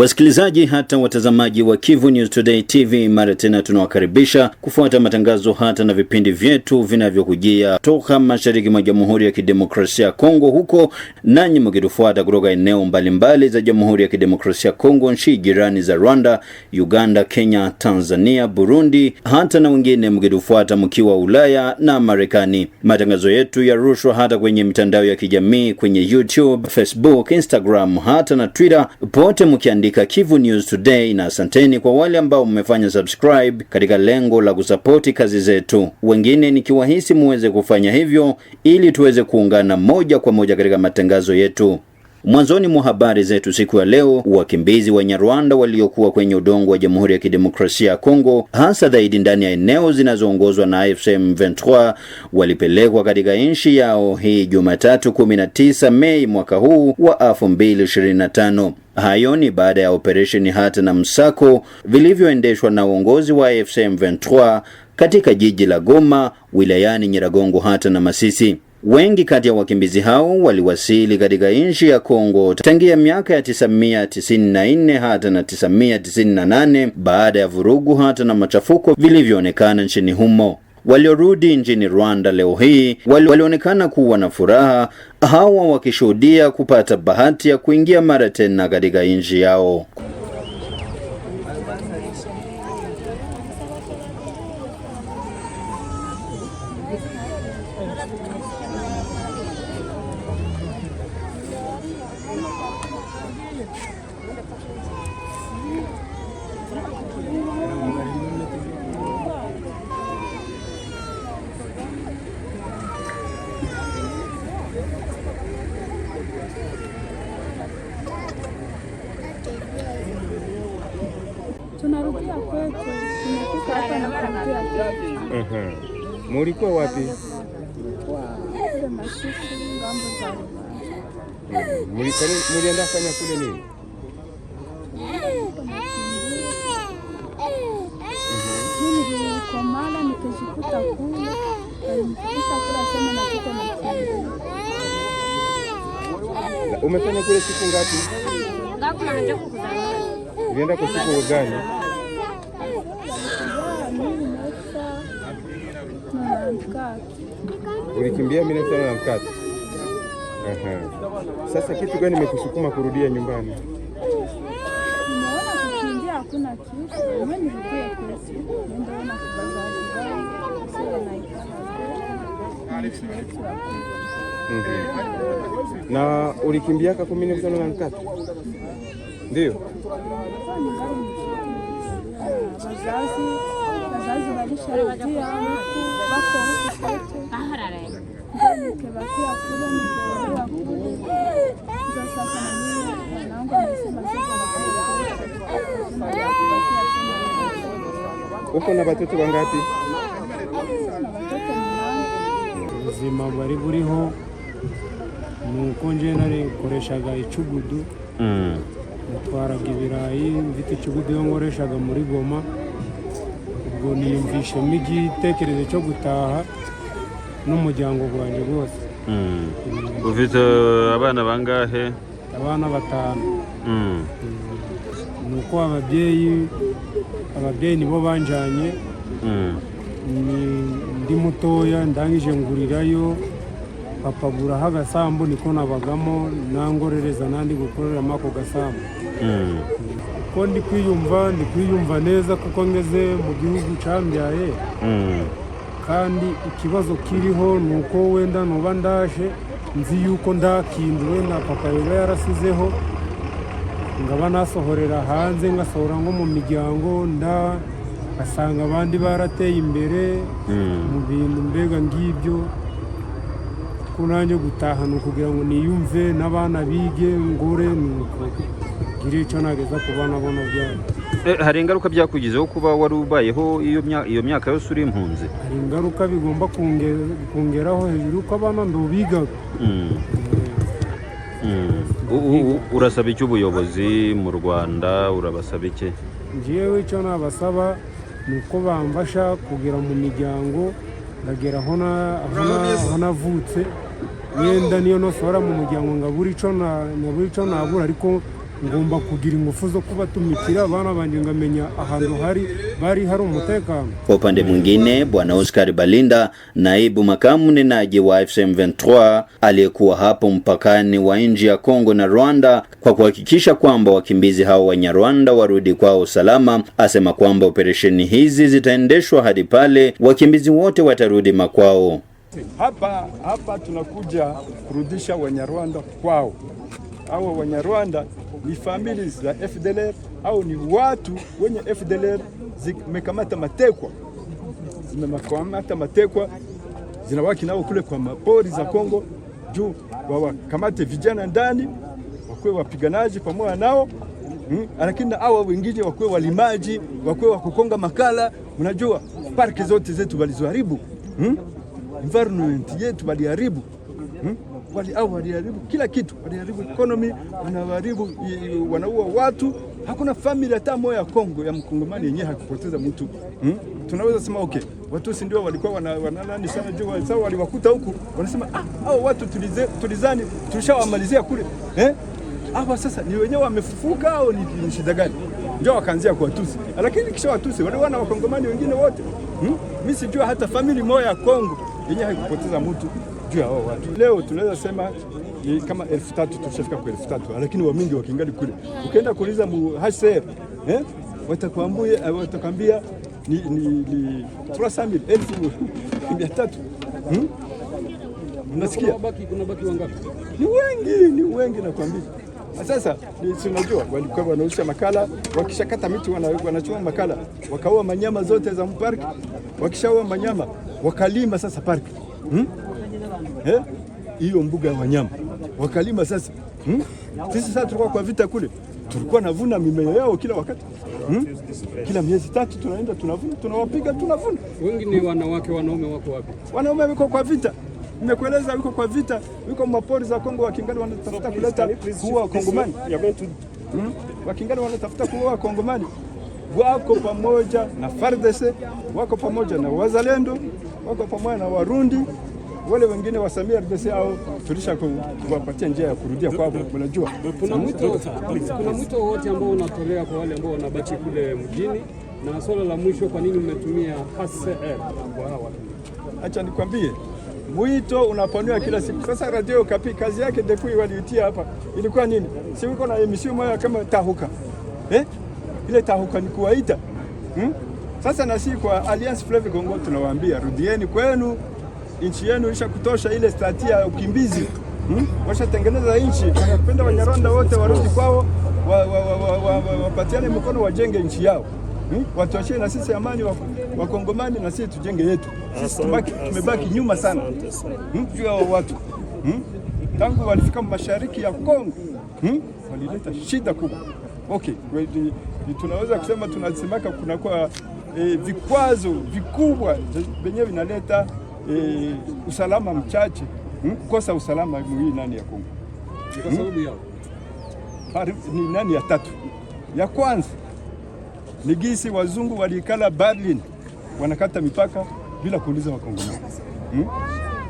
Wasikilizaji hata watazamaji wa Kivu News Today TV, mara tena tunawakaribisha kufuata matangazo hata na vipindi vyetu vinavyokujia toka mashariki mwa Jamhuri ya Kidemokrasia ya Kongo huko, nanyi mkitufuata kutoka eneo mbalimbali za Jamhuri ya Kidemokrasia ya Kongo, nchi jirani za Rwanda, Uganda, Kenya, Tanzania, Burundi, hata na wengine mkitufuata mkiwa Ulaya na Marekani. Matangazo yetu yarushwa hata kwenye mitandao ya kijamii kwenye YouTube, Facebook, Instagram hata na Twitter, pote mkiandika kuandika Kivu News Today, na asanteni kwa wale ambao mmefanya subscribe katika lengo la kusapoti kazi zetu, wengine nikiwahisi muweze kufanya hivyo ili tuweze kuungana moja kwa moja katika matangazo yetu. Mwanzoni mwa habari zetu siku ya leo, wakimbizi wa Nyarwanda waliokuwa kwenye udongo wa Jamhuri ya Kidemokrasia ya Kongo, hasa zaidi ndani ya eneo zinazoongozwa na AFC M23 walipelekwa katika nchi yao hii Jumatatu 19 Mei mwaka huu wa 2025. Hayo ni baada ya operesheni hata na msako vilivyoendeshwa na uongozi wa AFC M23 katika jiji la Goma, wilayani Nyiragongo hata na Masisi. Wengi kati ya wakimbizi hao waliwasili katika nchi ya Kongo tangia miaka ya 1994 hata na 1998 baada ya vurugu hata na machafuko vilivyoonekana nchini humo. Waliorudi nchini Rwanda leo hii walionekana kuwa na furaha, hawa wakishuhudia kupata bahati ya kuingia mara tena katika nchi yao. tunarudia kwetu, tumefika hapa na kurudia kwetu. Mulikuwa wapi? Mulienda fanya kule nini? umefanya kule siku ngapi? vienda kwa siku gani? Ulikimbia mimi na mkate. Aha. Sasa kitu gani imekusukuma kurudia nyumbani? Mhm. Na ulikimbiaka kumi na mkate? Ndio uko na batoto bangapi? ubuzima bwari buriho nuko nje narikoreshaga icugudu mm. natwaraga ibirayi mfite ikigudiho nkoreshaga muri goma ubwo niyumvishemo igitekerezo cyo gutaha n'umuryango wanjye wose hmm. hmm. ufite uh, abana bangahe abana batanu hmm. ni uko ababyeyi ababyeyi nibo banjyanye ndi mutoya ndangije ngurirayo papa guraho agasambu niko nabagamo nangorereza nandi gukorera ako gasambu hmm. ko ndi kwiyumva ndi kwiyumva neza kuko ngeze mu gihugu cyambyaye hmm. kandi ikibazo kiriho ni uko wenda nuba ndaje nzi yuko ndakinduwe na papa yaba yarasizeho ngaba nasohorera hanze ngasohora nko mu miryango nda asanga abandi barateye imbere hmm. mu bintu mbega ngibyo ko nanjye gutaha ni ukugira ngo niyumve n'abana bige ngure ni ngire icyo nageza ku bana bona byabo eh, hari ingaruka byakugizeho kuba wari ubayeho iyo myaka yose uri impunzi hari ingaruka bigomba kongeraho hejuru ko abana ndubigaga hmm. hmm. urasaba icyo ubuyobozi mu rwanda urabasaba iki ngewe icyo nabasaba ni uko bamfasha kugera mu miryango nkagera aho navutse yenda niyo nosora mu muryango ngabura ico ngabura ico nabura ariko ngomba kugira ingufu zo tumikira abana banje ngamenya ahantu hari bari hari umutekano. Kwa upande mwingine, bwana Oscar Balinda, naibu makamu mnenaji wa fm 23 aliyekuwa hapo mpakani wa nchi ya Kongo na Rwanda kwa kuhakikisha kwamba wakimbizi hao wa warudi kwao salama, asema kwamba operesheni hizi zitaendeshwa hadi pale wakimbizi wote watarudi makwao. Hapa hapa tunakuja kurudisha Wanyarwanda kwao. Hawa Wanyarwanda ni families za FDLR au ni watu wenye FDLR zimekamata matekwa, zimekamata matekwa, zinawaki nao kule kwa mapori za Kongo juu wawakamate vijana ndani wakuwe wapiganaji pamoja nao hmm. Lakini hawa wengine wakuwe walimaji, wakuwe wakukonga makala. Unajua parki zote zetu walizoharibu hmm environment yetu waliharibu hmm? Wali, au waliharibu kila kitu, waliharibu economy, wanaharibu, wanaua watu. Hakuna family hata moja ya Kongo ya mkongomani yenyewe hakupoteza mtu hmm? Tunaweza sema okay, Watusi ndio walikuwa nani sana juu sawa, waliwakuta huku wanasema ah, au watu tulize, tulizani tulishawamalizia kule eh? hapa sasa ni wenyewe wamefufuka au ni shida gani? Ndio wakaanzia kwa Watusi, lakini kisha Watusi waliwana wakongomani wengine wote hmm? Mimi sijua hata family moja ya Kongo yenye haikupoteza mtu juu ya hao watu. Leo tunaweza sema ni kama elfu tatu tushafika kwa elfu tatu lakini wamingi wakingali kule. Ukienda kuuliza mu eh, watakwambia eh, watakwambia ni ni, ni 3000 elfu mia tatu hmm? kuna baki, Kuna baki wangapi? Ni wengi, ni wengi nakwambia. Ah, sasa si unajua walikuwa wanauza makala, wakishakata miti wanachoma makala, wakaua manyama zote za mpark, wakishaua manyama wakalima sasa park hmm? eh? hiyo mbuga ya wanyama wakalima sasa hmm? Sisi sasa tulikuwa kwa vita kule, tulikuwa navuna mimea yao kila wakati hmm? Kila miezi tatu tunaenda tunavuna, tunawapiga, tunavuna. Wengi ni wanawake, wanaume wako wapi? Wanaume wako kwa vita. Nimekueleza yuko kwa vita, yuko mapori za Kongo, wakingali wanatafuta kuleta kuua Wakongomani, hmm? wakingali wanatafuta kuua Wakongomani. Wako pamoja na FARDC, wako pamoja na wazalendo, wako pamoja na Warundi wale wengine wasamia RDC au tulisha kuwapatia njia ya kurudia kwao. Unajua, kuna mwito kuna mwito wote ambao unatolea kwa wale ambao wanabaki kule mjini. Na swala la mwisho, kwa nini mnatumia HCR kwa hawa? Acha nikwambie mwito unapanua kila siku. Sasa Radio Okapi kazi yake depuis waliitia hapa ilikuwa nini? Si uko na emission moja kama tahuka eh? Ile tahuka ni kuwaita hmm? Sasa na sisi kwa Alliance Fleuve Congo tunawaambia rudieni kwenu, nchi yenu isha kutosha ile stati ya ukimbizi hmm? Washatengeneza nchi, wanapenda Wanyarwanda wote warudi kwao, wapatiane wa, wa, wa, wa, wa, mkono wajenge nchi yao hmm? Watuachie na sisi amani wa Wakongomani na sisi tujenge yetu, sisi tumebaki nyuma sana hmm? juu ya watu hmm? tangu walifika mashariki ya Kongo hmm? walileta shida kubwa. Okay, tunaweza kusema tunasemaka kunakuwa e, vikwazo vikubwa vyenyewe vinaleta e, usalama mchache hmm? kosa usalama hii nani ya Kongo hmm? ni nani ya tatu ya kwanza ni gisi wazungu walikala Berlin wanakata mipaka bila kuuliza Wakongomani hmm?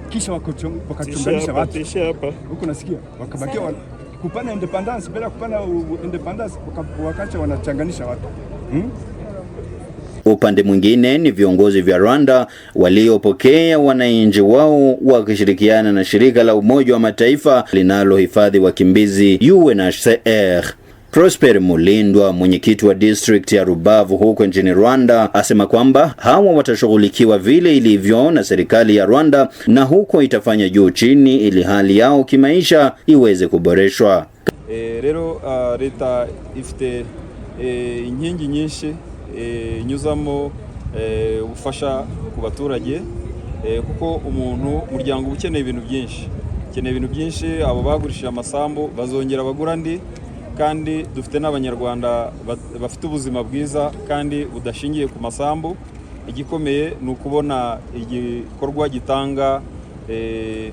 Kisha wakachonganisha watu huko, nasikia wakabakia wana, kupana independence bila kupana independence, wakacha wanachanganisha watu hmm? Upande mwingine ni viongozi vya Rwanda waliopokea wananchi wao wakishirikiana na shirika la Umoja wa Mataifa linalohifadhi wakimbizi UNHCR. Prosper Mulindwa, mwenyekiti wa district ya Rubavu huko nchini Rwanda, asema kwamba hawa watashughulikiwa vile ilivyo na serikali ya Rwanda na huko itafanya juu chini ili hali yao kimaisha iweze kuboreshwa. E, rero uh, leta ifite e, inkingi nyinshi e, inyuzamo e, ufasha ku baturage e, kuko umuntu umuryango ukeneye ibintu byinshi ukeneye ibintu byinshi abo bagurishije amasambu bazongera bagura ndi kandi dufite n'abanyarwanda bafite ubuzima bwiza kandi budashingiye ku masambu igikomeye ni ukubona igikorwa gitanga eh,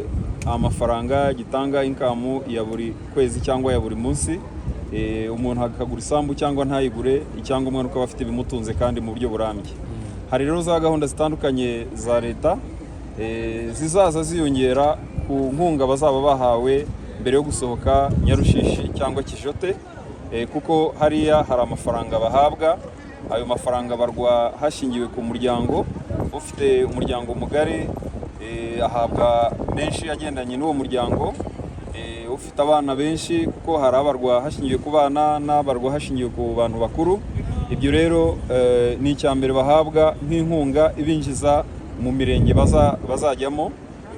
amafaranga gitanga inkamu ya buri kwezi cyangwa ya buri munsi eh, umuntu akagura isambu cyangwa ntayigure cyangwa umwana ukaba afite ibimutunze kandi mu buryo burambye hari rero za gahunda zitandukanye za leta eh, zizaza ziyongera ku nkunga bazaba bahawe mbere yo gusohoka nyarushishi cyangwa kijote eh, kuko hariya hari amafaranga bahabwa ayo mafaranga barwa hashingiwe ku muryango ufite umuryango mugari eh, ahabwa menshi agendanye n'uwo muryango eh, ufite abana benshi kuko hari abarwa hashingiwe ku bana n'abarwa hashingiwe ku bantu bakuru ibyo rero ni icya mbere bahabwa nk'inkunga ibinjiza mu mirenge bazajyamo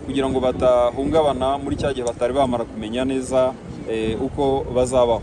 kugira ngo batahungabana muri cya gihe batari bamara kumenya neza e, uko bazabaho.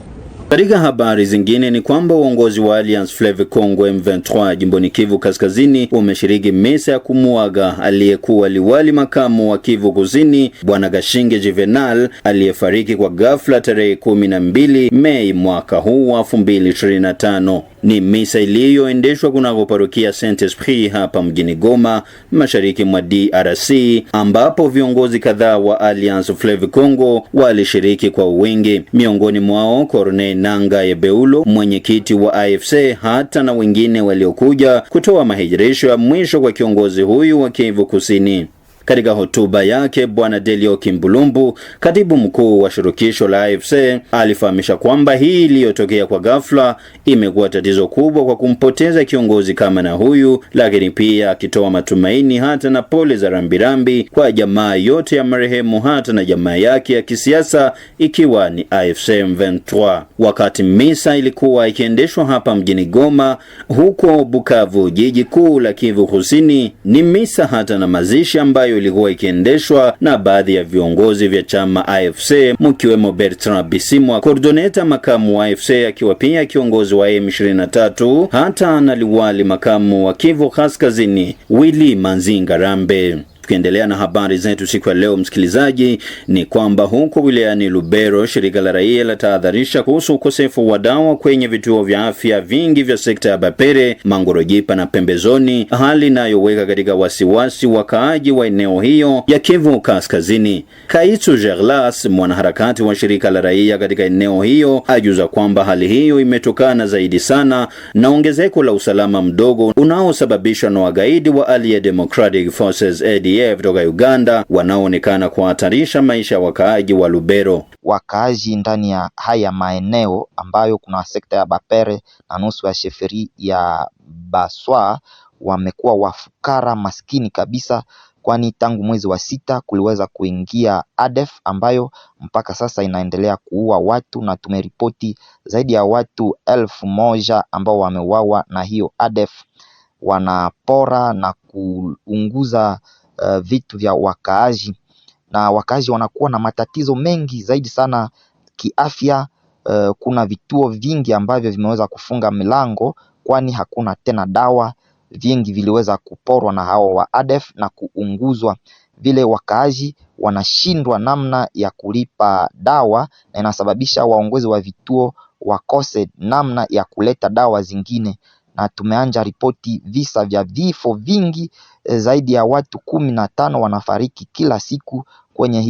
Katika habari zingine ni kwamba uongozi wa Alliance Fleuve Congo M23 jimboni Kivu Kaskazini umeshiriki mesa ya kumuaga aliyekuwa liwali makamu wa Kivu Kusini Bwana Gashinge Juvenal aliyefariki kwa ghafla tarehe kumi na mbili Mei mwaka huu wa 2025. Ni misa iliyoendeshwa kunako parokia Saint Esprit hapa mjini Goma, mashariki mwa DRC, ambapo viongozi kadhaa wa Alliance Fleuve Congo walishiriki kwa wingi, miongoni mwao Corneille Nanga Yebeulo, mwenyekiti wa AFC, hata na wengine waliokuja kutoa mahijirisho ya mwisho kwa kiongozi huyu wa Kivu Kusini. Katika hotuba yake, Bwana Delio Kimbulumbu, katibu mkuu wa shirikisho la AFC, alifahamisha kwamba hii iliyotokea kwa ghafla imekuwa tatizo kubwa kwa kumpoteza kiongozi kama na huyu, lakini pia akitoa matumaini hata na pole za rambirambi kwa jamaa yote ya marehemu hata na jamaa yake ya kisiasa ikiwa ni AFC M23. Wakati misa ilikuwa ikiendeshwa hapa mjini Goma, huko Bukavu, jiji kuu la Kivu Kusini, ni misa hata na mazishi ambayo ambayo ilikuwa ikiendeshwa na baadhi ya viongozi vya chama AFC mkiwemo Bertrand Bisimwa, coordinator makamu wa AFC, akiwa pia kiongozi wa M23, hata na liwali makamu wa Kivu Kaskazini Willy Manzinga Rambe. Tukiendelea na habari zetu siku ya leo, msikilizaji, ni kwamba huko wilayani Lubero shirika la raia latahadharisha kuhusu ukosefu wa dawa kwenye vituo vya afya vingi vya sekta ya Bapere, Mangorojipa na pembezoni, hali inayoweka katika wasiwasi wakaaji wa eneo hiyo ya Kivu Kaskazini. Kaitu Gerlas, mwanaharakati wa shirika la raia katika eneo hiyo, ajuza kwamba hali hiyo imetokana zaidi sana na ongezeko la usalama mdogo unaosababishwa na wagaidi wa Allied Democratic Forces ADF ADF kutoka Uganda wanaoonekana kuhatarisha maisha ya wakaaji wa Lubero. Wakaaji ndani ya haya maeneo ambayo kuna sekta ya Bapere na nusu ya sheferi ya Baswa wamekuwa wafukara maskini kabisa, kwani tangu mwezi wa sita kuliweza kuingia ADF e ambayo mpaka sasa inaendelea kuua watu, na tumeripoti zaidi ya watu elfu moja ambao wameuawa na hiyo ADF. E Wanapora na kuunguza uh, vitu vya wakaaji na wakaaji wanakuwa na matatizo mengi zaidi sana kiafya. Uh, kuna vituo vingi ambavyo vimeweza kufunga milango kwani hakuna tena dawa, vingi viliweza kuporwa na hao wa ADF na kuunguzwa. Vile wakaaji wanashindwa namna ya kulipa dawa na inasababisha waongozi wa vituo wakose namna ya kuleta dawa zingine, na tumeanja ripoti visa vya vifo vingi Eh, zaidi ya watu kumi na tano wanafariki kila siku kwenye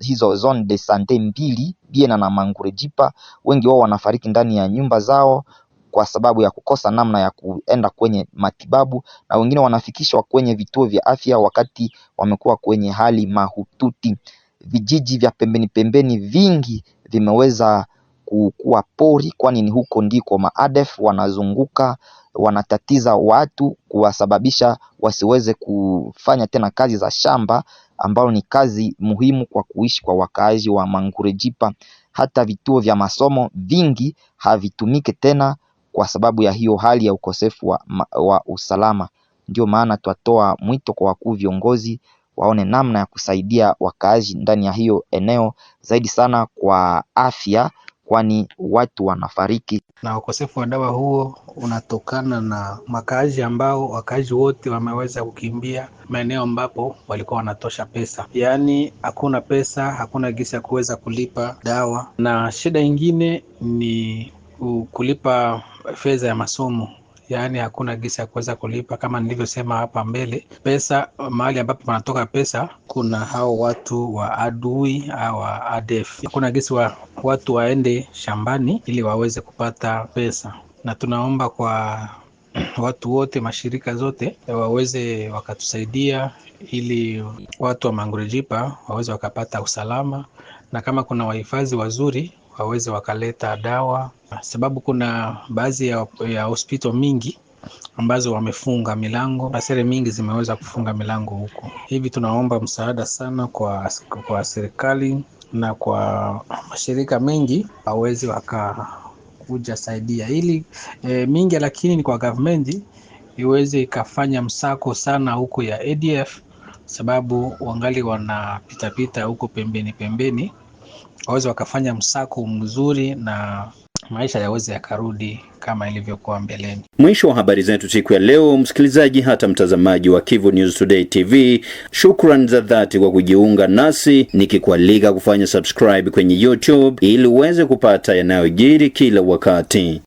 hizo zone de sante mbili Biena na Mangurejipa. Wengi wao wanafariki ndani ya nyumba zao kwa sababu ya kukosa namna ya kuenda kwenye matibabu na wengine wanafikishwa kwenye vituo vya afya wakati wamekuwa kwenye hali mahututi. Vijiji vya pembeni pembeni vingi vimeweza kuwa pori kwani ni huko ndiko maadef wanazunguka wanatatiza watu kuwasababisha wasiweze kufanya tena kazi za shamba ambao ni kazi muhimu kwa kuishi kwa wakaaji wa Mangurejipa. Hata vituo vya masomo vingi havitumiki tena kwa sababu ya hiyo hali ya ukosefu wa, wa usalama. Ndio maana twatoa mwito kwa wakuu viongozi waone namna ya kusaidia wakaaji ndani ya hiyo eneo zaidi sana kwa afya kwani watu wanafariki. Na ukosefu wa dawa huo unatokana na makazi ambao wakazi wote wameweza kukimbia maeneo ambapo walikuwa wanatosha pesa, yaani hakuna pesa, hakuna gesi ya kuweza kulipa dawa, na shida ingine ni kulipa fedha ya masomo yaani hakuna gisi ya kuweza kulipa. Kama nilivyosema hapa mbele, pesa mahali ambapo panatoka pesa, kuna hao watu wa adui au adef ADF, hakuna gisi wa watu waende shambani ili waweze kupata pesa, na tunaomba kwa watu wote mashirika zote waweze wakatusaidia ili watu wa Mangurejipa waweze wakapata usalama, na kama kuna wahifadhi wazuri waweze wakaleta dawa Ah, sababu kuna baadhi ya, ya hospital mingi ambazo wamefunga milango, asere mingi zimeweza kufunga milango huko. Hivi tunaomba msaada sana kwa, kwa serikali na kwa mashirika mengi waweze wakakuja saidia ili e, mingi lakini ni kwa government iweze ikafanya msako sana huko ya ADF sababu wangali wanapitapita huko pembeni pembeni, waweze wakafanya msako mzuri na maisha yaweze yakarudi kama ilivyokuwa mbeleni. Mwisho wa habari zetu siku ya leo, msikilizaji hata mtazamaji wa Kivu News Today TV, shukran za dhati kwa kujiunga nasi nikikualika kufanya subscribe kwenye YouTube ili uweze kupata yanayojiri kila wakati.